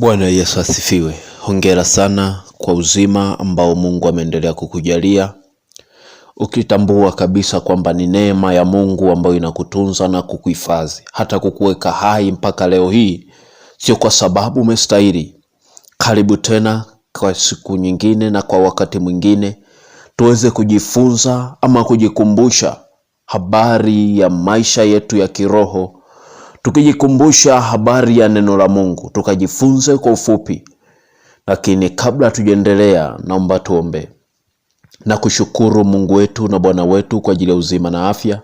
Bwana Yesu asifiwe. Hongera sana kwa uzima ambao Mungu ameendelea kukujalia, ukitambua kabisa kwamba ni neema ya Mungu ambayo inakutunza na kukuhifadhi hata kukuweka hai mpaka leo hii, sio kwa sababu umestahili. Karibu tena kwa siku nyingine na kwa wakati mwingine tuweze kujifunza ama kujikumbusha habari ya maisha yetu ya kiroho tukijikumbusha habari ya neno la Mungu tukajifunze kwa ufupi. Lakini kabla tujaendelea naomba tuombe na kushukuru Mungu wetu na Bwana wetu kwa ajili ya uzima na afya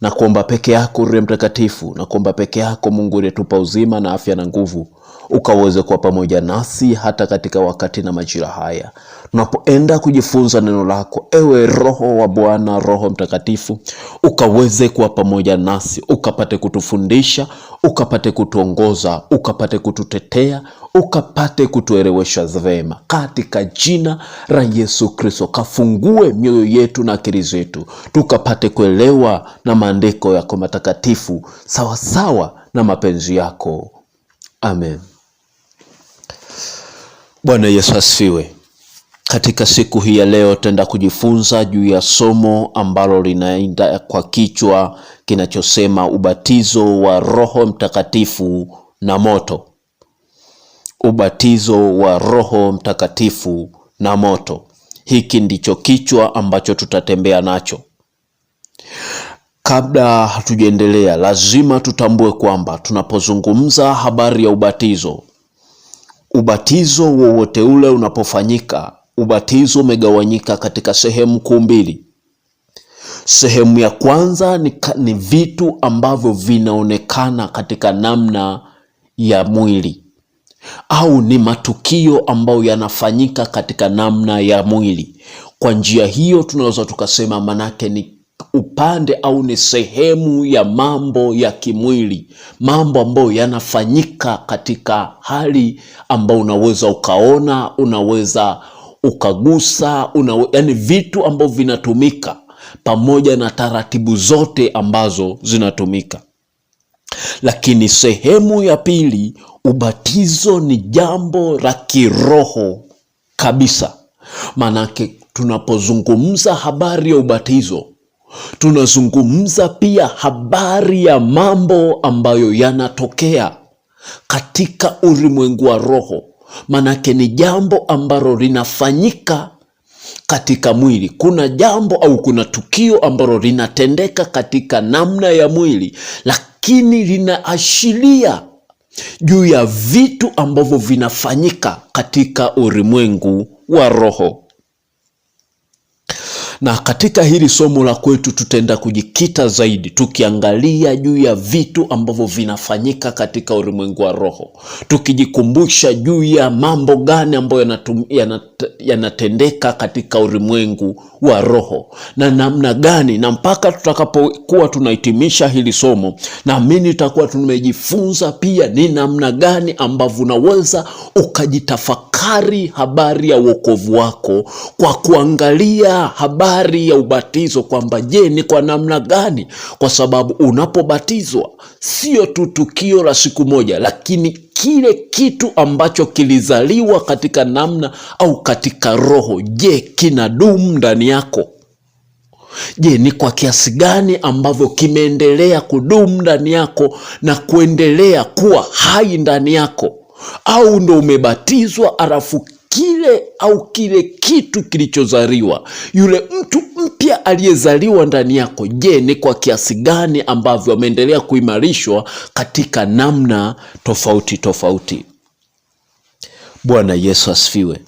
na kuomba peke yako Roho Mtakatifu, na kuomba peke yako Mungu uliyetupa uzima na afya na nguvu, ukaweze kuwa pamoja nasi hata katika wakati na majira haya tunapoenda kujifunza neno lako. Ewe Roho wa Bwana, Roho Mtakatifu, ukaweze kuwa pamoja nasi, ukapate kutufundisha, ukapate kutuongoza, ukapate kututetea, ukapate kutuelewesha vema, katika jina la Yesu Kristo. Kafungue mioyo yetu na akili zetu, tukapate kuelewa na maandiko yako matakatifu, sawasawa na mapenzi yako. Amen. Bwana Yesu asifiwe. Katika siku hii ya leo tenda kujifunza juu ya somo ambalo linaenda kwa kichwa kinachosema ubatizo wa Roho Mtakatifu na moto. Ubatizo wa Roho Mtakatifu na moto. Hiki ndicho kichwa ambacho tutatembea nacho. Kabla hatujaendelea, lazima tutambue kwamba tunapozungumza habari ya ubatizo, ubatizo wowote ule unapofanyika ubatizo umegawanyika katika sehemu kuu mbili. Sehemu ya kwanza ni, ni vitu ambavyo vinaonekana katika namna ya mwili au ni matukio ambayo yanafanyika katika namna ya mwili. Kwa njia hiyo tunaweza tukasema manake ni upande au ni sehemu ya mambo ya kimwili, mambo ambayo yanafanyika katika hali ambayo unaweza ukaona, unaweza ukagusa una, yani vitu ambavyo vinatumika pamoja na taratibu zote ambazo zinatumika. Lakini sehemu ya pili, ubatizo ni jambo la kiroho kabisa. Maanake tunapozungumza habari ya ubatizo tunazungumza pia habari ya mambo ambayo yanatokea katika ulimwengu wa roho manake ni jambo ambalo linafanyika katika mwili. Kuna jambo au kuna tukio ambalo linatendeka katika namna ya mwili, lakini linaashiria juu ya vitu ambavyo vinafanyika katika ulimwengu wa roho. Na katika hili somo la kwetu tutaenda kujikita zaidi tukiangalia juu ya vitu ambavyo vinafanyika katika ulimwengu wa roho, tukijikumbusha juu ya mambo gani ambayo yanatendeka katika ulimwengu wa roho na namna gani, na mpaka tutakapokuwa tunahitimisha hili somo, naamini tutakuwa tumejifunza pia ni namna gani ambavyo unaweza ukajitafakari habari ya uokovu wako kwa kuangalia habari habari ya ubatizo kwamba je, ni kwa namna gani? Kwa sababu unapobatizwa sio tu tukio la siku moja, lakini kile kitu ambacho kilizaliwa katika namna au katika roho, je, kinadumu ndani yako? Je, ni kwa kiasi gani ambavyo kimeendelea kudumu ndani yako na kuendelea kuwa hai ndani yako? Au ndo umebatizwa alafu kile au kile kitu kilichozaliwa, yule mtu mpya aliyezaliwa ndani yako. Je, ni kwa kiasi gani ambavyo ameendelea kuimarishwa katika namna tofauti tofauti? Bwana Yesu asifiwe.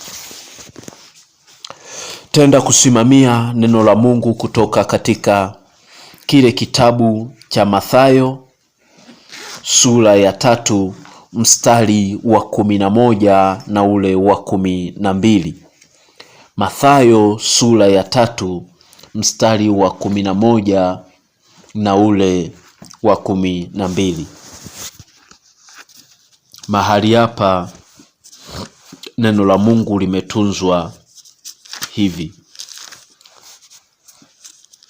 Tenda kusimamia neno la Mungu kutoka katika kile kitabu cha Mathayo sura ya tatu mstari wa kumi na moja na ule wa kumi na mbili. Mathayo sura ya tatu mstari wa kumi na moja na ule wa kumi na mbili. Mahali hapa neno la Mungu limetunzwa hivi.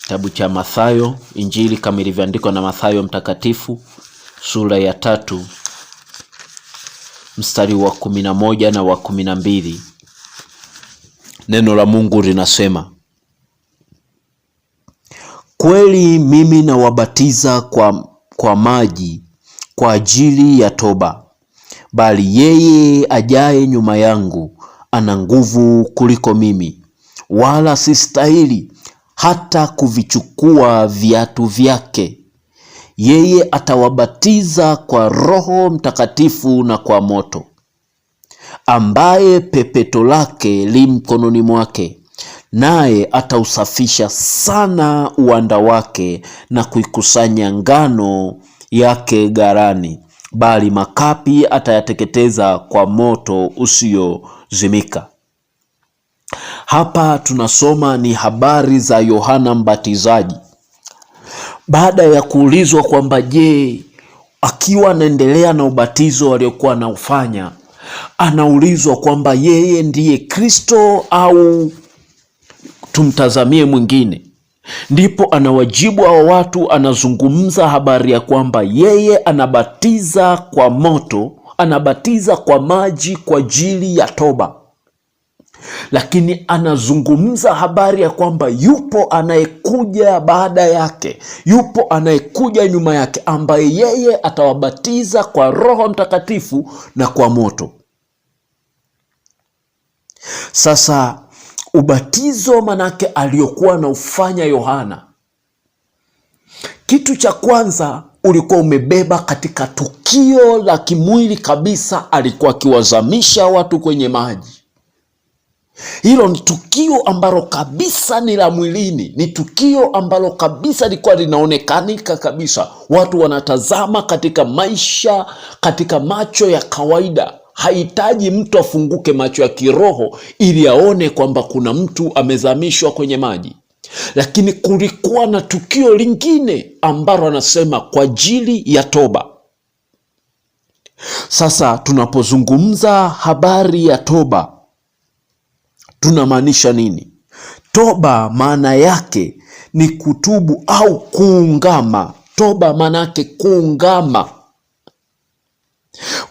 Kitabu cha Mathayo, Injili kama ilivyoandikwa na Mathayo mtakatifu sura ya tatu mstari wa kumi na moja na wa kumi na mbili neno la Mungu linasema kweli mimi nawabatiza kwa, kwa maji kwa ajili ya toba, bali yeye ajaye nyuma yangu ana nguvu kuliko mimi, wala sistahili hata kuvichukua viatu vyake yeye atawabatiza kwa Roho Mtakatifu na kwa moto, ambaye pepeto lake li mkononi mwake, naye atausafisha sana uwanda wake na kuikusanya ngano yake garani bali makapi atayateketeza kwa moto usiozimika. Hapa tunasoma ni habari za Yohana Mbatizaji baada ya kuulizwa kwamba je, akiwa anaendelea na ubatizo aliokuwa anaufanya, anaulizwa kwamba yeye ndiye Kristo au tumtazamie mwingine? Ndipo anawajibu hao watu, anazungumza habari ya kwamba yeye anabatiza kwa moto, anabatiza kwa maji kwa ajili ya toba lakini anazungumza habari ya kwamba yupo anayekuja baada yake, yupo anayekuja nyuma yake, ambaye yeye atawabatiza kwa Roho Mtakatifu na kwa moto. Sasa ubatizo manake aliyokuwa anaufanya Yohana, kitu cha kwanza ulikuwa umebeba katika tukio la kimwili kabisa, alikuwa akiwazamisha watu kwenye maji hilo ni tukio ambalo kabisa ni la mwilini, ni tukio ambalo kabisa lilikuwa linaonekanika kabisa, watu wanatazama katika maisha, katika macho ya kawaida. Hahitaji mtu afunguke macho ya kiroho ili aone kwamba kuna mtu amezamishwa kwenye maji. Lakini kulikuwa na tukio lingine ambalo anasema kwa ajili ya toba. Sasa tunapozungumza habari ya toba tunamaanisha nini? Toba maana yake ni kutubu au kuungama. Toba maana yake kuungama.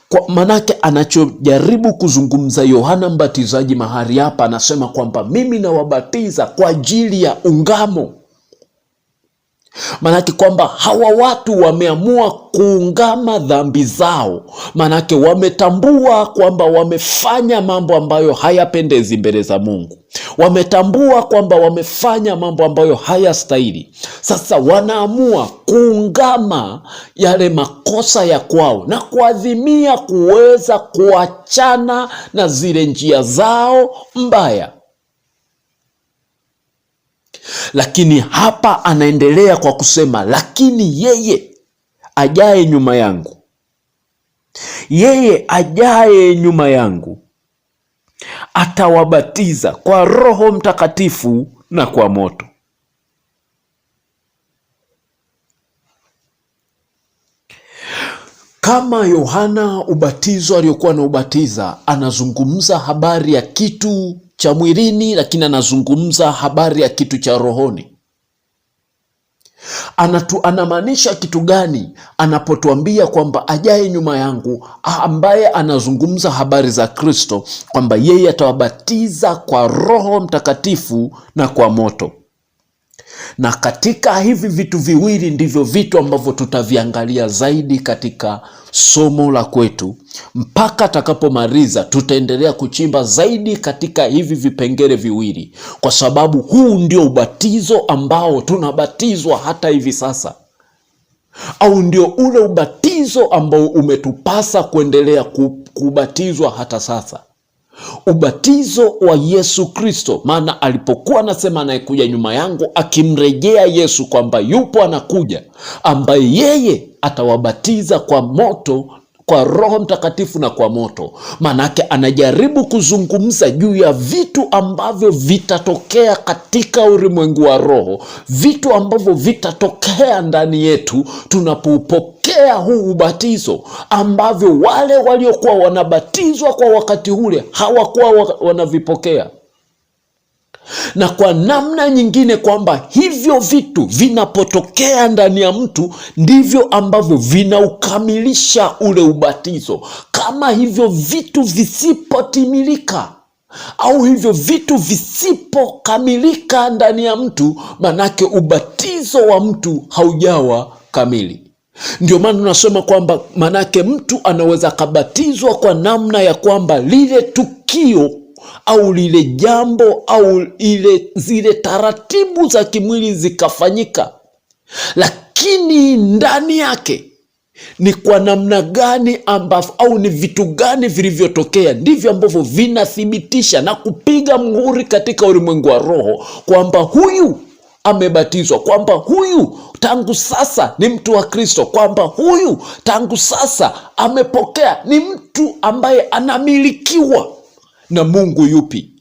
Kwa maanake anachojaribu kuzungumza Yohana Mbatizaji mahali hapa, anasema kwamba mimi nawabatiza kwa ajili ya ungamo Maanake kwamba hawa watu wameamua kuungama dhambi zao, maanake wametambua kwamba wamefanya mambo ambayo hayapendezi mbele za Mungu, wametambua kwamba wamefanya mambo ambayo hayastahili. Sasa wanaamua kuungama yale makosa ya kwao na kuadhimia kuweza kuachana na zile njia zao mbaya lakini hapa anaendelea kwa kusema, lakini yeye ajaye nyuma yangu, yeye ajaye nyuma yangu atawabatiza kwa Roho Mtakatifu na kwa moto. Kama Yohana ubatizo aliyokuwa anaubatiza, anazungumza habari ya kitu cha mwilini, lakini anazungumza habari ya kitu cha rohoni. Anatu, anamaanisha kitu gani anapotuambia kwamba ajaye nyuma yangu ambaye anazungumza habari za Kristo kwamba yeye atawabatiza kwa Roho Mtakatifu na kwa moto? na katika hivi vitu viwili ndivyo vitu ambavyo tutaviangalia zaidi katika somo la kwetu mpaka atakapomaliza. Tutaendelea kuchimba zaidi katika hivi vipengele viwili, kwa sababu huu ndio ubatizo ambao tunabatizwa hata hivi sasa, au ndio ule ubatizo ambao umetupasa kuendelea kubatizwa hata sasa ubatizo wa Yesu Kristo, maana alipokuwa anasema anayekuja nyuma yangu, akimrejea Yesu kwamba yupo anakuja ambaye yeye atawabatiza kwa moto kwa Roho Mtakatifu na kwa moto. Maanake anajaribu kuzungumza juu ya vitu ambavyo vitatokea katika ulimwengu wa roho, vitu ambavyo vitatokea ndani yetu tunapoupokea huu ubatizo, ambavyo wale waliokuwa wanabatizwa kwa wakati ule hawakuwa wanavipokea na kwa namna nyingine kwamba hivyo vitu vinapotokea ndani ya mtu ndivyo ambavyo vinaukamilisha ule ubatizo. Kama hivyo vitu visipotimilika au hivyo vitu visipokamilika ndani ya mtu, manake ubatizo wa mtu haujawa kamili. Ndio maana unasema kwamba manake mtu anaweza akabatizwa kwa namna ya kwamba lile tukio au lile jambo au ile zile taratibu za kimwili zikafanyika, lakini ndani yake ni kwa namna gani ambavyo au ni vitu gani vilivyotokea, ndivyo ambavyo vinathibitisha na kupiga mhuri katika ulimwengu wa roho kwamba huyu amebatizwa, kwamba huyu tangu sasa ni mtu wa Kristo, kwamba huyu tangu sasa amepokea, ni mtu ambaye anamilikiwa na Mungu yupi?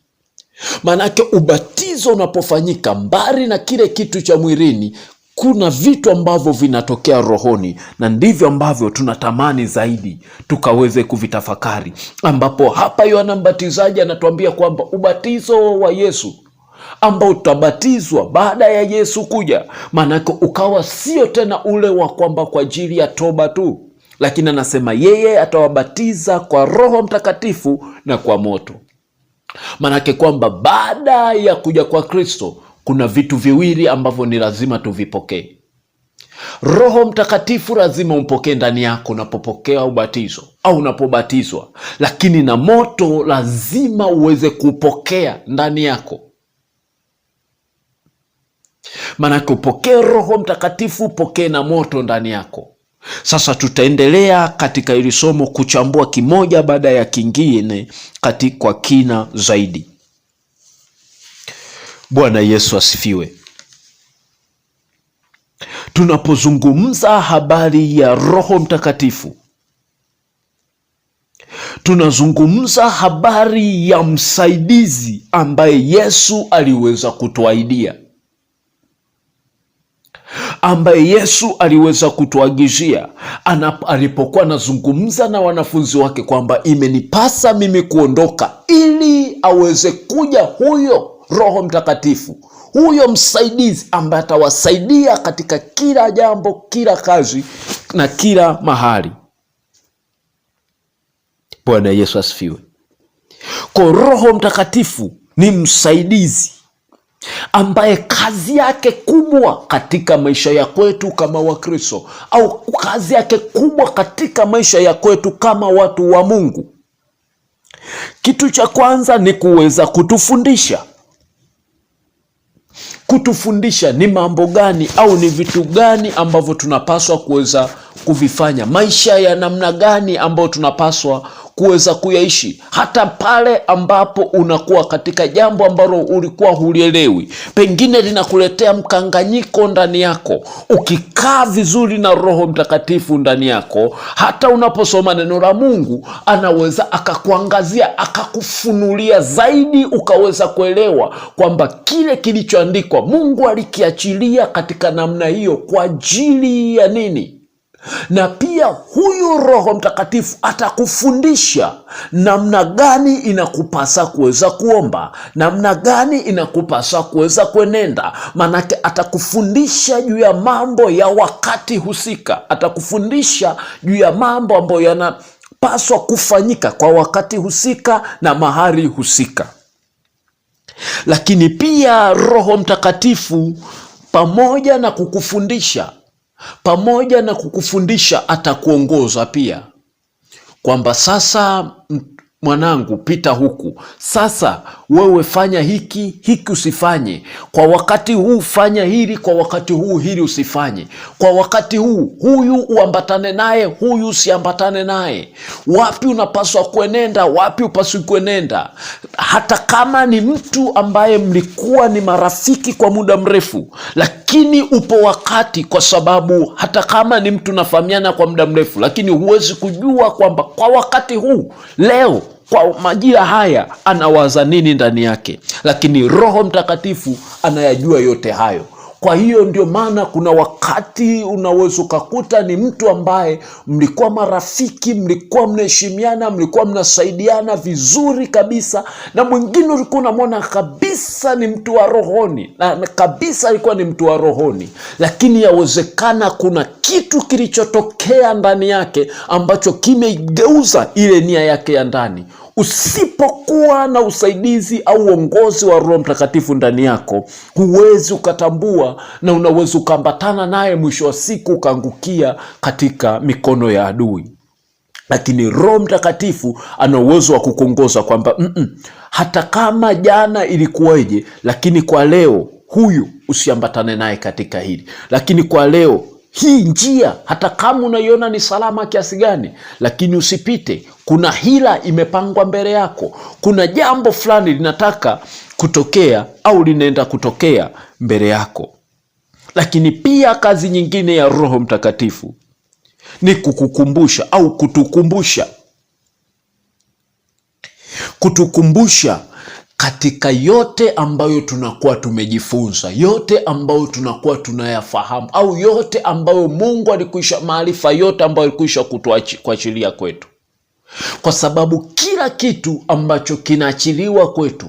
Maanake ubatizo unapofanyika, mbali na kile kitu cha mwilini, kuna vitu ambavyo vinatokea rohoni, na ndivyo ambavyo tunatamani zaidi tukaweze kuvitafakari, ambapo hapa Yohana Mbatizaji anatuambia kwamba ubatizo wa Yesu ambao utabatizwa baada ya Yesu kuja, maanake ukawa sio tena ule wa kwamba kwa ajili ya toba tu lakini anasema yeye atawabatiza kwa Roho Mtakatifu na kwa moto. Maanake kwamba baada ya kuja kwa Kristo kuna vitu viwili ambavyo ni lazima tuvipokee. Roho Mtakatifu lazima umpokee ndani yako unapopokea ubatizo au unapobatizwa, lakini na moto lazima uweze kupokea ndani yako. Maanake upokee Roho Mtakatifu, upokee na moto ndani yako. Sasa tutaendelea katika hili somo kuchambua kimoja baada ya kingine kwa kina zaidi. Bwana Yesu asifiwe. Tunapozungumza habari ya Roho Mtakatifu, tunazungumza habari ya msaidizi ambaye Yesu aliweza kutuahidia ambaye Yesu aliweza kutuagizia alipokuwa anazungumza na wanafunzi wake kwamba imenipasa mimi kuondoka ili aweze kuja huyo Roho Mtakatifu, huyo msaidizi ambaye atawasaidia katika kila jambo, kila kazi na kila mahali. Bwana Yesu asifiwe. Kwa Roho Mtakatifu ni msaidizi ambaye kazi yake kubwa katika maisha ya kwetu kama Wakristo au kazi yake kubwa katika maisha ya kwetu kama watu wa Mungu, kitu cha kwanza ni kuweza kutufundisha. Kutufundisha ni mambo gani au ni vitu gani ambavyo tunapaswa kuweza kuvifanya, maisha ya namna gani ambayo tunapaswa kuweza kuyaishi, hata pale ambapo unakuwa katika jambo ambalo ulikuwa hulielewi, pengine linakuletea mkanganyiko ndani yako. Ukikaa vizuri na Roho Mtakatifu ndani yako, hata unaposoma neno la Mungu, anaweza akakuangazia, akakufunulia zaidi, ukaweza kuelewa kwamba kile kilichoandikwa Mungu alikiachilia katika namna hiyo kwa ajili ya nini? na pia huyu Roho Mtakatifu atakufundisha namna gani inakupasa kuweza kuomba, namna gani inakupasa kuweza kuenenda. Maanake atakufundisha juu ya mambo ya wakati husika, atakufundisha juu ya mambo ambayo yanapaswa kufanyika kwa wakati husika na mahali husika. Lakini pia Roho Mtakatifu pamoja na kukufundisha pamoja na kukufundisha atakuongoza pia, kwamba sasa mwanangu, pita huku sasa, wewe fanya hiki hiki, usifanye kwa wakati huu, fanya hili kwa wakati huu, hili usifanye kwa wakati huu, huyu uambatane naye, huyu usiambatane naye, wapi unapaswa kuenenda, wapi upaswi kuenenda. Hata kama ni mtu ambaye mlikuwa ni marafiki kwa muda mrefu, lakini upo wakati, kwa sababu hata kama ni mtu nafahamiana kwa muda mrefu, lakini huwezi kujua kwamba kwa wakati huu leo kwa majira haya anawaza nini ndani yake, lakini Roho Mtakatifu anayajua yote hayo. Kwa hiyo ndio maana kuna wakati unaweza ukakuta ni mtu ambaye mlikuwa marafiki, mlikuwa mnaheshimiana, mlikuwa mnasaidiana vizuri kabisa, na mwingine ulikuwa unamwona kabisa ni mtu wa rohoni na kabisa alikuwa ni mtu wa rohoni, lakini yawezekana kuna kitu kilichotokea ndani yake ambacho kimeigeuza ile nia yake ya ndani. Usipokuwa na usaidizi au uongozi wa Roho Mtakatifu ndani yako, huwezi ukatambua, na unaweza ukaambatana naye, mwisho wa siku ukaangukia katika mikono ya adui. Lakini Roho Mtakatifu ana uwezo wa kukuongoza kwamba mm-mm, hata kama jana ilikuwaje, lakini kwa leo huyu usiambatane naye katika hili, lakini kwa leo hii njia, hata kama unaiona ni salama kiasi gani, lakini usipite. Kuna hila imepangwa mbele yako, kuna jambo fulani linataka kutokea au linaenda kutokea mbele yako. Lakini pia kazi nyingine ya Roho Mtakatifu ni kukukumbusha au kutukumbusha, kutukumbusha katika yote ambayo tunakuwa tumejifunza, yote ambayo tunakuwa tunayafahamu, au yote ambayo Mungu alikuisha, maarifa yote ambayo alikuisha kutuachilia kwetu, kwa sababu kila kitu ambacho kinaachiliwa kwetu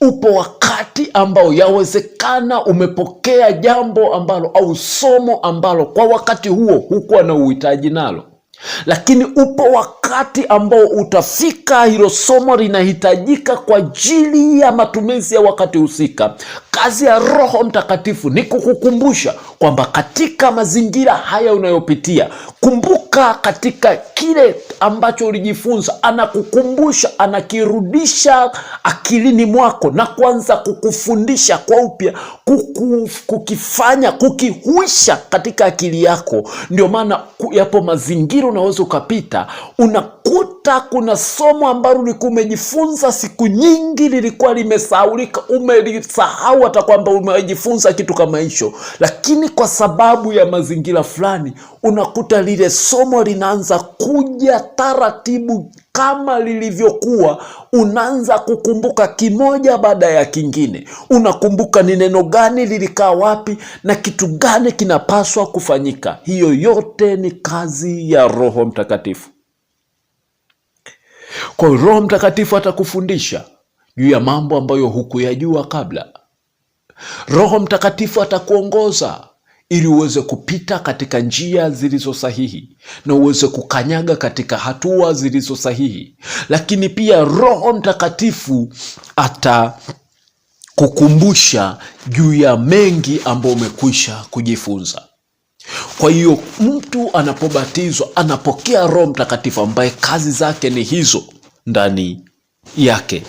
upo wakati ambao yawezekana umepokea jambo ambalo au somo ambalo kwa wakati huo hukuwa na uhitaji nalo, lakini upo wakati ambao utafika, hilo somo linahitajika kwa ajili ya matumizi ya wakati husika. Kazi ya Roho Mtakatifu ni kukukumbusha kwamba katika mazingira haya unayopitia, kumbuka kukaa katika kile ambacho ulijifunza, anakukumbusha, anakirudisha akilini mwako na kuanza kukufundisha kwa upya, kuku, kukifanya kukihuisha katika akili yako. Ndio maana yapo mazingira unaweza ukapita unakuta hata kuna somo ambalo ulikuwa umejifunza siku nyingi lilikuwa limesahaulika, umelisahau hata kwamba umejifunza kitu kama hicho, lakini kwa sababu ya mazingira fulani unakuta lile somo linaanza kuja taratibu kama lilivyokuwa. Unaanza kukumbuka kimoja baada ya kingine, unakumbuka ni neno gani lilikaa wapi na kitu gani kinapaswa kufanyika. Hiyo yote ni kazi ya Roho Mtakatifu. Kwa hiyo Roho Mtakatifu atakufundisha juu ya mambo ambayo hukuyajua kabla. Roho Mtakatifu atakuongoza ili uweze kupita katika njia zilizo sahihi na uweze kukanyaga katika hatua zilizo sahihi, lakini pia Roho Mtakatifu atakukumbusha juu ya mengi ambayo umekwisha kujifunza. Kwa hiyo mtu anapobatizwa anapokea Roho Mtakatifu ambaye kazi zake ni hizo ndani yake.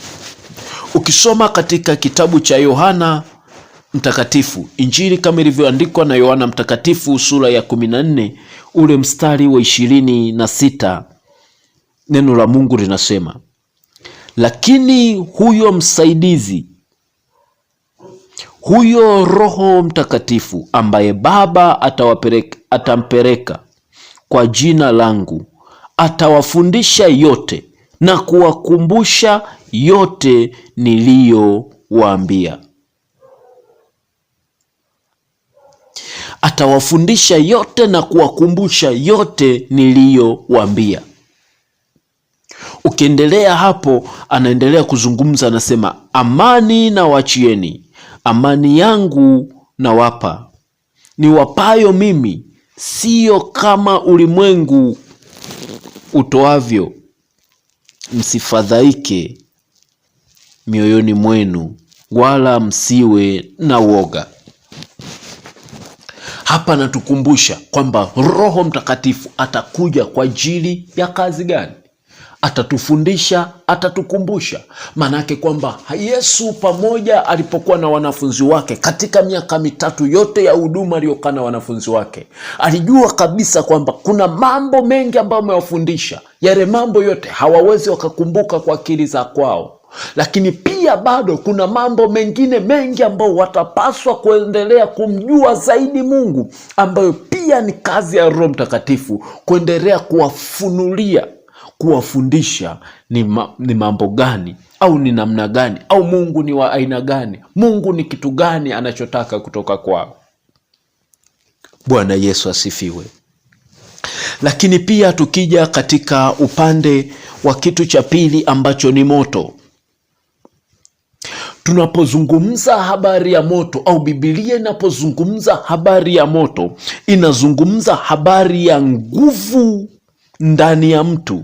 Ukisoma katika kitabu cha Yohana Mtakatifu, Injili kama ilivyoandikwa na Yohana Mtakatifu sura ya 14 ule mstari wa ishirini na sita neno la Mungu linasema, lakini huyo msaidizi huyo Roho Mtakatifu ambaye Baba atampeleka kwa jina langu atawafundisha yote na kuwakumbusha yote niliyowaambia. Atawafundisha yote na kuwakumbusha yote niliyowaambia. Ukiendelea hapo, anaendelea kuzungumza, anasema amani na wachieni amani yangu nawapa, niwapayo mimi, siyo kama ulimwengu utoavyo. Msifadhaike mioyoni mwenu, wala msiwe na woga. Hapa natukumbusha kwamba Roho Mtakatifu atakuja kwa ajili ya kazi gani? atatufundisha, atatukumbusha. Maanake kwamba Yesu pamoja alipokuwa na wanafunzi wake katika miaka mitatu yote ya huduma aliyokaa na wanafunzi wake, alijua kabisa kwamba kuna mambo mengi ambayo amewafundisha. Yale mambo yote hawawezi wakakumbuka kwa akili za kwao lakini pia bado kuna mambo mengine mengi ambayo watapaswa kuendelea kumjua zaidi Mungu, ambayo pia ni kazi ya Roho Mtakatifu kuendelea kuwafunulia kuwafundisha ni, ma, ni mambo gani au ni namna gani au Mungu ni wa aina gani, Mungu ni kitu gani anachotaka kutoka kwao. Bwana Yesu asifiwe. Lakini pia tukija katika upande wa kitu cha pili ambacho ni moto, tunapozungumza habari ya moto au bibilia inapozungumza habari ya moto, inazungumza habari ya nguvu ndani ya mtu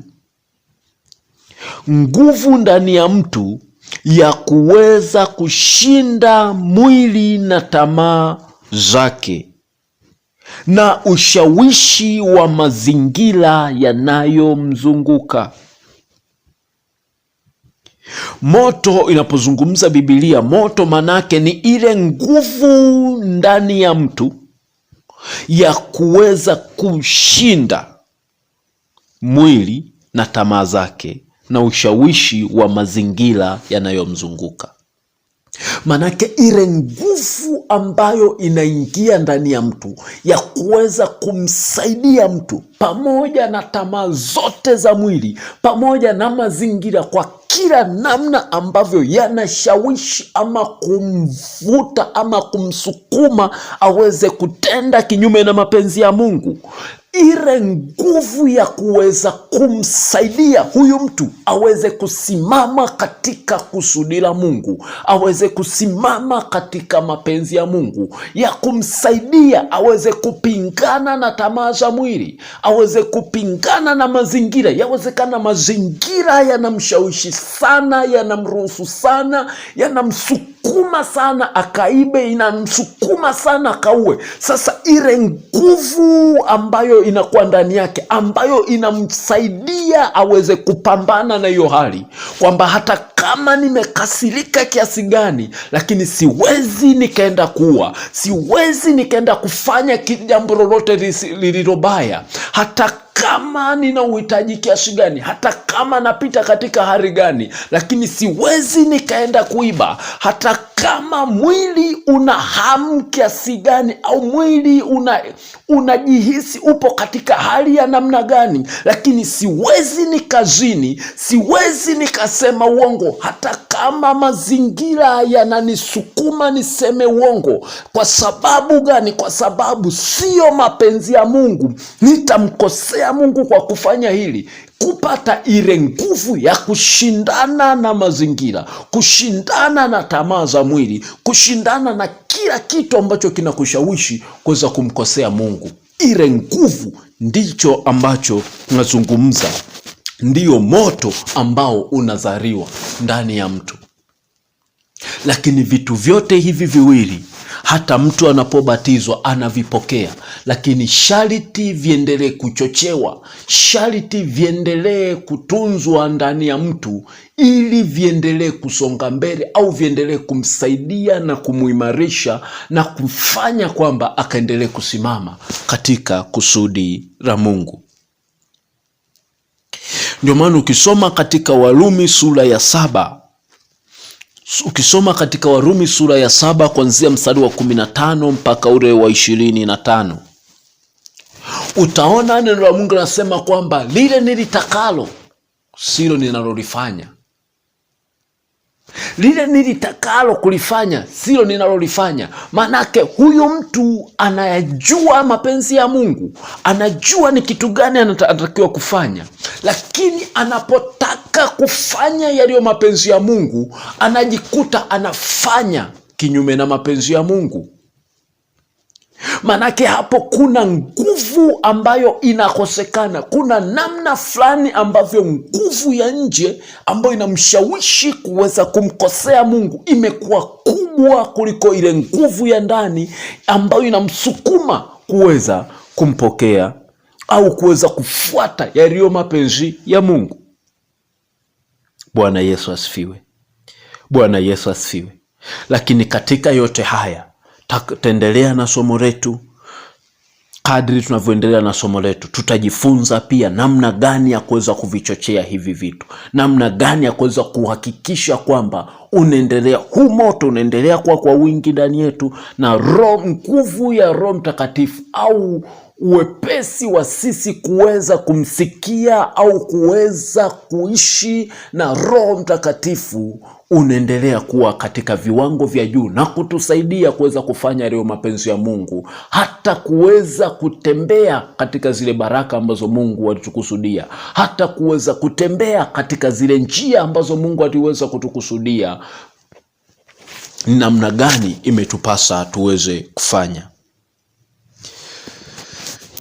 nguvu ndani ya mtu ya kuweza kushinda mwili na tamaa zake na ushawishi wa mazingira yanayomzunguka. Moto inapozungumza Biblia, moto manake ni ile nguvu ndani ya mtu ya kuweza kushinda mwili na tamaa zake na ushawishi wa mazingira yanayomzunguka. Manake ile nguvu ambayo inaingia ndani ya mtu ya kuweza kumsaidia mtu pamoja na tamaa zote za mwili pamoja na mazingira, kwa kila namna ambavyo yanashawishi ama kumvuta ama kumsukuma aweze kutenda kinyume na mapenzi ya Mungu, ile nguvu ya kuweza kumsaidia huyu mtu aweze kusimama katika kusudi la Mungu, aweze kusimama katika mapenzi ya Mungu, ya kumsaidia aweze kupingana na tamaa za mwili, aweze kupingana na mazingira. Yawezekana mazingira yanamshawishi sana, yanamruhusu sana, yanamsukuma inamsukuma sana akaibe, inamsukuma sana akaue. Sasa ile nguvu ambayo inakuwa ndani yake ambayo inamsaidia aweze kupambana na hiyo hali kwamba hata kama nimekasirika kiasi gani, lakini siwezi nikaenda kuua, siwezi nikaenda kufanya jambo lolote lililobaya hata kama nina uhitaji kiasi gani, hata kama napita katika hali gani, lakini siwezi nikaenda kuiba. Hata kama mwili una hamu kiasi gani, au mwili una unajihisi upo katika hali ya namna gani, lakini siwezi nikazini, siwezi nikasema uongo hata ama mazingira yananisukuma niseme uongo. Kwa sababu gani? Kwa sababu sio mapenzi ya Mungu, nitamkosea Mungu kwa kufanya hili kupata ile nguvu ya kushindana na mazingira, kushindana na tamaa za mwili, kushindana na kila kitu ambacho kinakushawishi kuweza kumkosea Mungu. Ile nguvu ndicho ambacho tunazungumza ndiyo moto ambao unazariwa ndani ya mtu. Lakini vitu vyote hivi viwili hata mtu anapobatizwa anavipokea, lakini sharti viendelee kuchochewa, sharti viendelee kutunzwa ndani ya mtu ili viendelee kusonga mbele au viendelee kumsaidia na kumuimarisha na kufanya kwamba akaendelee kusimama katika kusudi la Mungu. Ndio maana ukisoma katika Warumi sura ya saba ukisoma katika Warumi sura ya saba kuanzia mstari wa kumi na tano mpaka ule wa ishirini na tano utaona neno la Mungu linasema kwamba lile nilitakalo silo ninalolifanya, lile nilitakalo kulifanya silo ninalolifanya. Maanake huyu mtu anayajua mapenzi ya Mungu, anajua ni kitu gani anatakiwa kufanya, lakini anapotaka kufanya yaliyo mapenzi ya Mungu anajikuta anafanya kinyume na mapenzi ya Mungu. Manake hapo kuna nguvu ambayo inakosekana. Kuna namna fulani ambavyo nguvu ya nje ambayo inamshawishi kuweza kumkosea Mungu imekuwa kubwa kuliko ile nguvu ya ndani ambayo inamsukuma kuweza kumpokea au kuweza kufuata yaliyo mapenzi ya Mungu. Bwana Yesu asifiwe! Bwana Yesu asifiwe! Lakini katika yote haya tutaendelea na somo letu. Kadri tunavyoendelea na somo letu, tutajifunza pia namna gani ya kuweza kuvichochea hivi vitu, namna gani ya kuweza kuhakikisha kwamba unaendelea huu moto unaendelea kuwa kwa wingi ndani yetu, na roho, nguvu ya Roho Mtakatifu au uwepesi wa sisi kuweza kumsikia au kuweza kuishi na Roho Mtakatifu unaendelea kuwa katika viwango vya juu na kutusaidia kuweza kufanya leo mapenzi ya Mungu, hata kuweza kutembea katika zile baraka ambazo Mungu alitukusudia, hata kuweza kutembea katika zile njia ambazo Mungu aliweza kutukusudia. Ni namna gani imetupasa tuweze kufanya?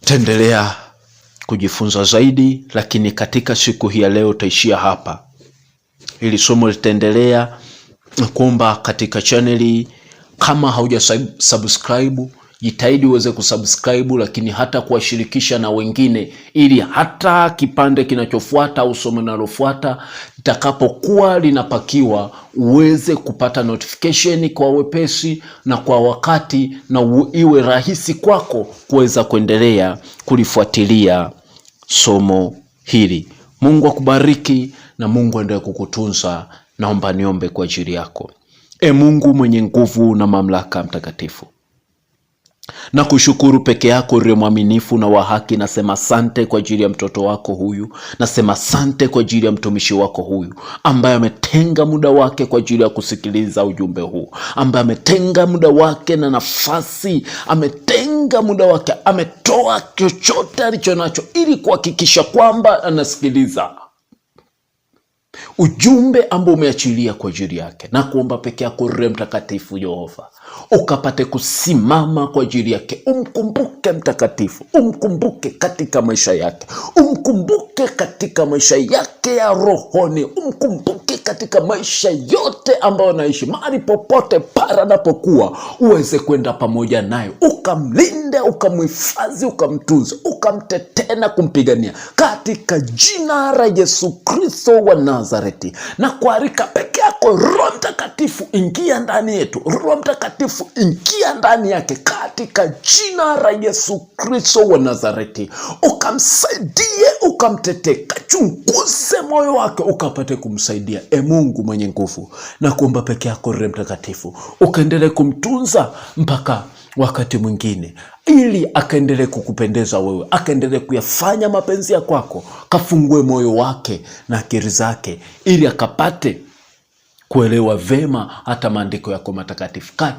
Taendelea kujifunza zaidi, lakini katika siku hii ya leo taishia hapa ili somo litaendelea kuomba katika chaneli. Kama hauja subscribe, jitahidi uweze kusubscribe, lakini hata kuwashirikisha na wengine, ili hata kipande kinachofuata au somo linalofuata litakapokuwa linapakiwa uweze kupata notification kwa wepesi na kwa wakati, na iwe rahisi kwako kuweza kuendelea kulifuatilia somo hili. Mungu akubariki na Mungu aendelee kukutunza. Naomba niombe kwa ajili yako. E Mungu mwenye nguvu na mamlaka mtakatifu, na kushukuru peke yako ulio mwaminifu na wa haki. Nasema sante kwa ajili ya mtoto wako huyu, nasema sante kwa ajili ya mtumishi wako huyu ambaye ametenga muda wake kwa ajili ya kusikiliza ujumbe huu, ambaye ametenga muda wake na nafasi, ametenga ametenga muda wake, ametoa chochote alicho nacho ili kuhakikisha kwamba anasikiliza ujumbe ambao umeachilia kwa ajili yake, na kuomba peke yako re Mtakatifu Yehova ukapate kusimama kwa ajili yake. Umkumbuke mtakatifu, umkumbuke katika maisha yake, umkumbuke katika maisha yake ya rohoni, umkumbuke katika maisha yote ambayo naishi, mahali popote para anapokuwa, uweze kwenda pamoja naye, ukamlinde, ukamhifadhi, ukamtunza ukamtetee na kumpigania katika jina la Yesu Kristo wa Nazareti na kuarika pekee yako Roho Mtakatifu, ingia ndani yetu. Roho Mtakatifu, ingia ndani yake katika jina la Yesu Kristo wa Nazareti, ukamsaidie, ukamtetee, kachunguze moyo wake, ukapate kumsaidia. E Mungu mwenye nguvu, na kuomba peke yako Roho Mtakatifu ukaendelee kumtunza mpaka wakati mwingine ili akaendelee kukupendeza wewe, akaendelee kuyafanya mapenzi ya kwako, kafungue moyo wake na akili zake, ili akapate kuelewa vema hata maandiko yako matakatifu.